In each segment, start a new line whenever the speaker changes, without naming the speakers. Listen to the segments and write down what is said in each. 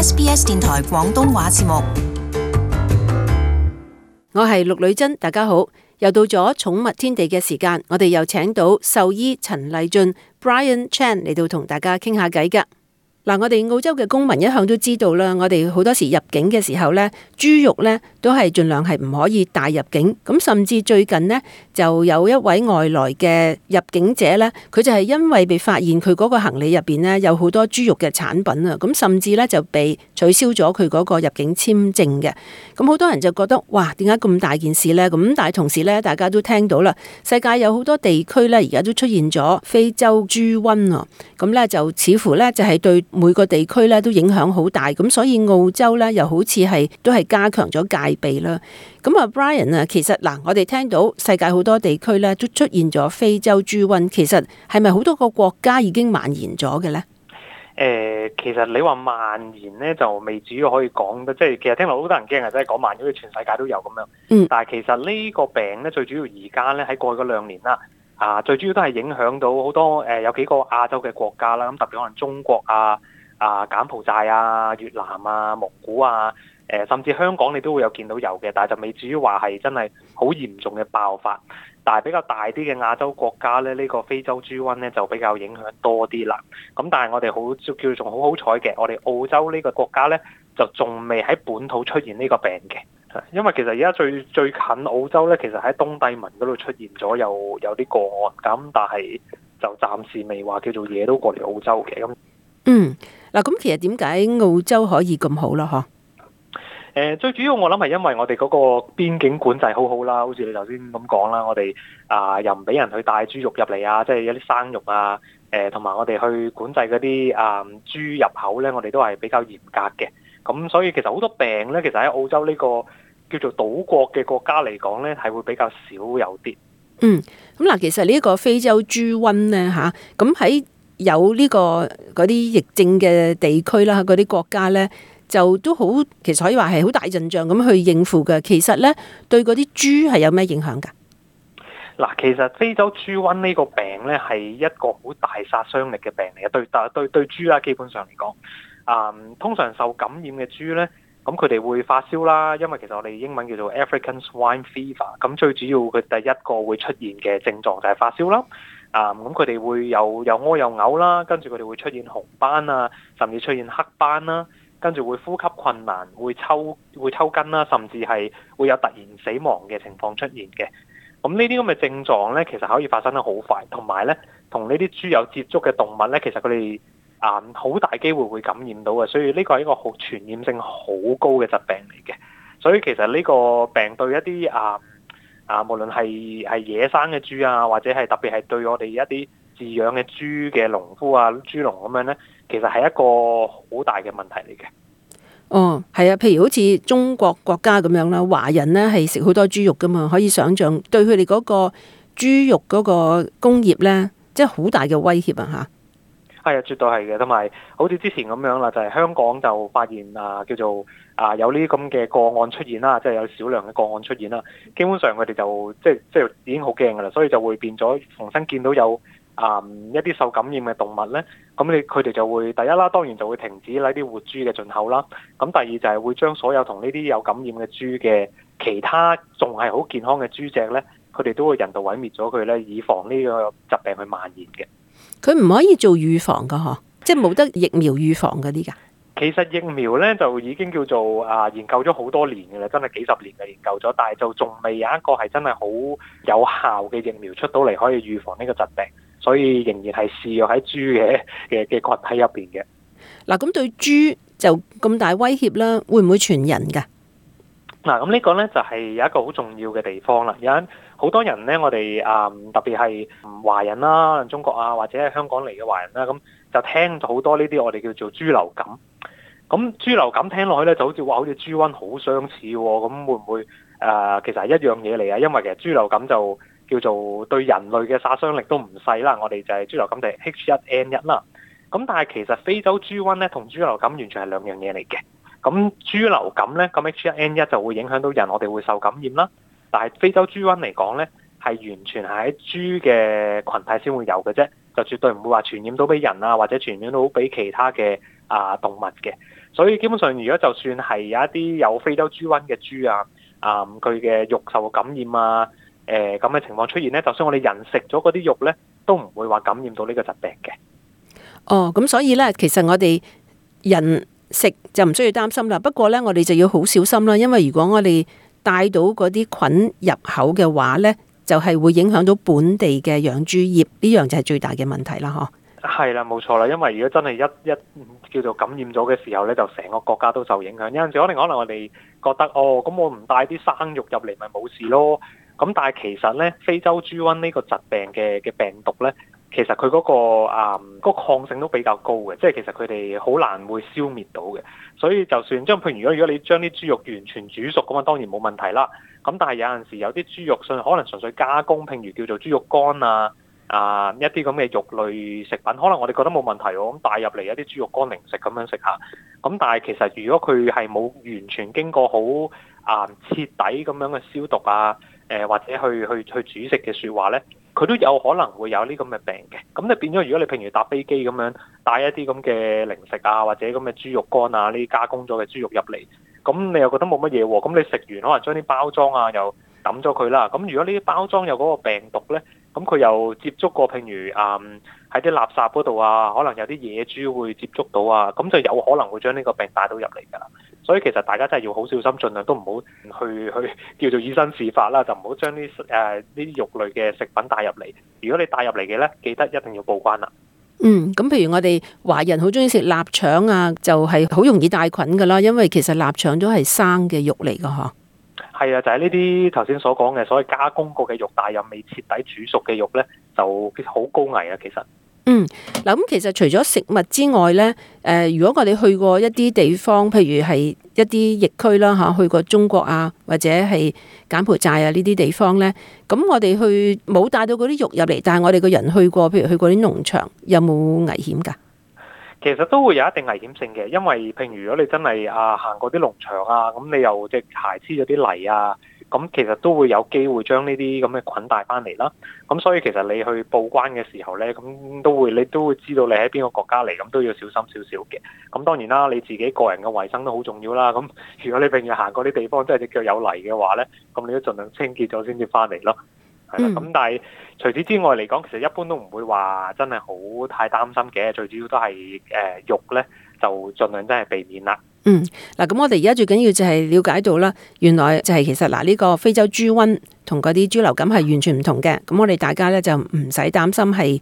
SBS 電台廣東話節目，我係陸女珍，大家好，又到咗寵物天地嘅時間，我哋又請到獸醫陳勵進 Brian Chan 嚟到同大家傾下偈㗎。嗱，我哋澳洲嘅公民一向都知道啦，我哋好多時入境嘅時候咧，豬肉咧都係盡量係唔可以帶入境。咁甚至最近咧，就有一位外來嘅入境者咧，佢就係因為被發現佢嗰個行李入邊咧有好多豬肉嘅產品啊，咁甚至咧就被取消咗佢嗰個入境簽證嘅。咁好多人就覺得哇，點解咁大件事咧？咁但係同時咧，大家都聽到啦，世界有好多地區咧而家都出現咗非洲豬瘟啊，咁咧就似乎咧就係、是、對。每個地區咧都影響好大，咁所以澳洲咧又好似係都係加強咗戒備啦。咁啊，Brian 啊，其實嗱，我哋聽到世界好多地區咧都出現咗非洲豬瘟，其實係咪好多個國家已經蔓延咗嘅咧？
誒，其實你話、就是、蔓延咧就未至於可以講得，即係其實聽落好多人驚啊，即係講蔓延咗全世界都有咁樣。嗯，但係其實呢個病咧最主要而家咧喺過去嗰兩年啦。啊，最主要都係影響到好多誒、呃，有幾個亞洲嘅國家啦，咁特別可能中國啊、啊柬埔寨啊、越南啊、蒙古啊，誒、呃、甚至香港你都會有見到有嘅，但係就未至於話係真係好嚴重嘅爆發。但係比較大啲嘅亞洲國家咧，呢、呢個非洲豬瘟咧就比較影響多啲啦。咁但係我哋好叫仲好好彩嘅，我哋澳洲呢個國家咧就仲未喺本土出現呢個病嘅。因為其實而家最最近澳洲咧，其實喺東帝汶嗰度出現咗有有啲個案，咁但係就暫時未話叫做嘢都過嚟澳洲嘅咁。嗯，
嗱，咁其實點解澳洲可以咁好咯？吓，
誒，最主要我諗係因為我哋嗰個邊境管制好好啦，好似你頭先咁講啦，我哋啊、呃、又唔俾人去帶豬肉入嚟啊，即、呃、係有啲生肉啊，誒，同埋我哋去管制嗰啲啊豬入口咧，我哋都係比較嚴格嘅。咁所以其實好多病咧，其實喺澳洲呢個叫做島國嘅國家嚟講咧，係會比較少有啲。嗯，
咁嗱，其實呢個非洲豬瘟咧，吓、啊，咁喺有呢、呢個嗰啲疫症嘅地區啦，嗰啲國家咧，就都好，其實可以話係好大陣仗咁去應付嘅。其實咧，對嗰啲豬係有咩影響㗎？
嗱，其實非洲豬瘟呢個病咧係一個好大殺傷力嘅病嚟嘅，對，對，對豬啦、啊，基本上嚟講。啊，um, 通常受感染嘅豬呢，咁佢哋會發燒啦，因為其實我哋英文叫做 African Swine Fever，咁最主要佢第一個會出現嘅症狀就係發燒啦。啊，um，咁佢哋會有又屙又嘔啦，跟住佢哋會出現紅斑啊，甚至出現黑斑啦，跟住會呼吸困難，會抽會抽筋啦，甚至係會有突然死亡嘅情況出現嘅。咁呢啲咁嘅症狀呢，其實可以發生得好快，同埋呢，同呢啲豬有接觸嘅動物呢，其實佢哋。啊，好大機會會感染到嘅，所以呢個係一個好傳染性好高嘅疾病嚟嘅。所以其實呢個病對一啲啊啊，無論係係野生嘅豬啊，或者係特別係對我哋一啲飼養嘅豬嘅農夫啊、豬農咁樣呢，其實係一個好大嘅問
題嚟嘅。哦，係啊，譬如好似中國國家咁樣啦，華人呢係食好多豬肉噶嘛，可以想象對佢哋嗰個豬肉嗰個工業呢，即係好大嘅威脅啊嚇。
係啊，絕對係嘅，同埋好似之前咁樣啦，就係香港就發現啊，叫做啊有呢啲咁嘅個案出現啦，即係有少量嘅個案出現啦。基本上佢哋就即係即係已經好驚噶啦，所以就會變咗重新見到有啊一啲受感染嘅動物咧，咁你佢哋就會第一啦，當然就會停止呢啲活豬嘅進口啦。咁第二就係會將所有同呢啲有感染嘅豬嘅其他仲係好健康嘅豬隻咧，佢哋都會人道毀滅咗佢咧，以防呢個疾病去蔓延嘅。
佢唔可以做預防噶嗬，即係冇得疫苗預防嗰啲噶。
其實疫苗咧就已經叫做啊研究咗好多年噶啦，真係幾十年嘅研究咗，但係就仲未有一個係真係好有效嘅疫苗出到嚟，可以預防呢個疾病，所以仍然係試藥喺豬嘅嘅嘅個體入邊嘅。
嗱，咁對豬就咁大威脅啦，會唔會傳人噶？
嗱，咁呢個呢，就係有一個好重要嘅地方啦。有好多人呢，我哋啊、呃、特別係華人啦、中國啊或者係香港嚟嘅華人啦，咁、嗯、就聽咗好多呢啲我哋叫做豬流感。咁、嗯、豬流感聽落去呢，就好似話好似豬瘟好相似喎、哦，咁、嗯、會唔會誒、呃、其實係一樣嘢嚟啊？因為其實豬流感就叫做對人類嘅殺傷力都唔細啦。我哋就係豬流感就係 H1N1 啦。咁、嗯、但係其實非洲豬瘟呢，同豬流感完全係兩樣嘢嚟嘅。咁豬流感呢，咁 H1N1 就會影響到人，我哋會受感染啦。但係非洲豬瘟嚟講呢，係完全係喺豬嘅群體先會有嘅啫，就絕對唔會話傳染到俾人啊，或者傳染到俾其他嘅啊動物嘅。所以基本上，如果就算係有一啲有非洲豬瘟嘅豬啊，啊佢嘅肉受感染啊，誒咁嘅情況出現呢，就算我哋人食咗嗰啲肉呢，都唔會話感染到呢個疾病嘅。
哦，咁所以呢，其實我哋人。食就唔需要擔心啦，不過呢，我哋就要好小心啦，因為如果我哋帶到嗰啲菌入口嘅話呢，就係會影響到本地嘅養豬業，呢樣就係最大嘅問題啦，嗬。
係啦，冇錯啦，因為如果真係一一叫做感染咗嘅時候呢，就成個國家都受影響。有陣時可能可能我哋覺得哦，咁我唔帶啲生肉入嚟咪冇事咯，咁但係其實呢，非洲豬瘟呢個疾病嘅嘅病毒呢。其實佢、那、嗰個啊，嗯那個、抗性都比較高嘅，即係其實佢哋好難會消滅到嘅。所以就算將譬如如果如果你將啲豬肉完全煮熟咁啊，當然冇問題啦。咁但係有陣時有啲豬肉，甚至可能純粹加工，譬如叫做豬肉乾啊啊一啲咁嘅肉類食品，可能我哋覺得冇問題喎，咁帶入嚟一啲豬肉乾零食咁樣食下。咁但係其實如果佢係冇完全經過好啊、嗯、徹底咁樣嘅消毒啊，誒、呃、或者去去去煮食嘅説話呢。佢都有可能會有呢咁嘅病嘅，咁你變咗，如果你譬如搭飛機咁樣帶一啲咁嘅零食啊，或者咁嘅豬肉乾啊呢啲加工咗嘅豬肉入嚟，咁你又覺得冇乜嘢喎。咁你食完可能將啲包裝啊又抌咗佢啦。咁如果呢啲包裝有嗰個病毒呢，咁佢又接觸過譬如誒喺啲垃圾嗰度啊，可能有啲野豬會接觸到啊，咁就有可能會將呢個病帶到入嚟㗎啦。所以其實大家真係要好小心，盡量都唔好去去叫做以身試法啦，就唔好將啲誒啲肉類嘅食品帶入嚟。如果你帶入嚟嘅咧，記得一定要報關啦。嗯，
咁譬如我哋華人好中意食臘腸啊，就係、是、好容易帶菌噶啦，因為其實臘腸都係生嘅肉嚟噶嗬，
係啊，就係呢啲頭先所講嘅，所謂加工過嘅肉，但又未徹底煮熟嘅肉咧，就好高危啊，其實。
嗯，嗱咁其實除咗食物之外咧，誒，如果我哋去過一啲地方，譬如係一啲疫區啦吓，去過中國啊，或者係柬埔寨啊呢啲地方咧，咁我哋去冇帶到嗰啲肉入嚟，但係我哋個人去過，譬如去過啲農場，有冇危險噶？
其實都會有一定危險性嘅，因為譬如如果你真係啊行過啲農場啊，咁你又隻鞋黐咗啲泥啊。咁其實都會有機會將呢啲咁嘅菌帶翻嚟啦，咁所以其實你去報關嘅時候咧，咁都會你都會知道你喺邊個國家嚟，咁都要小心少少嘅。咁當然啦，你自己個人嘅衞生都好重要啦。咁如果你平日行過啲地方，都係隻腳有泥嘅話咧，咁你都儘量清潔咗先至翻嚟咯。係啦，咁但係除此之外嚟講，其實一般都唔會話真係好太擔心嘅，最主要都係誒、呃、肉咧就儘量真係避免啦。
嗯，嗱，咁我哋而家最緊要就係了解到啦，原來就係其實嗱，呢個非洲豬瘟同嗰啲豬流感係完全唔同嘅，咁我哋大家咧就唔使擔心係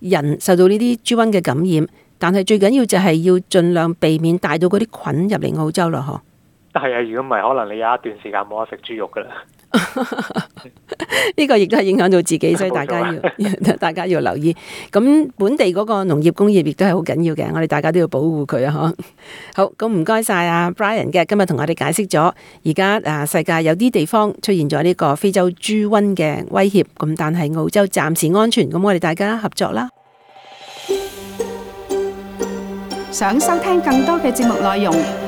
人受到呢啲豬瘟嘅感染，但係最緊要就係要盡量避免帶到嗰啲菌入嚟澳洲咯，嗬。
係啊，如果唔係，可能你有一段時間冇得食豬肉噶
啦。呢個亦都係影響到自己，所以大家要 大家要留意。咁本地嗰個農業工業亦都係好緊要嘅，我哋大家都要保護佢啊！ 好，咁唔該晒啊 Brian 嘅，今日同我哋解釋咗而家啊世界有啲地方出現咗呢個非洲豬瘟嘅威脅，咁但係澳洲暫時安全，咁我哋大家合作啦。想收聽更多嘅節目內容。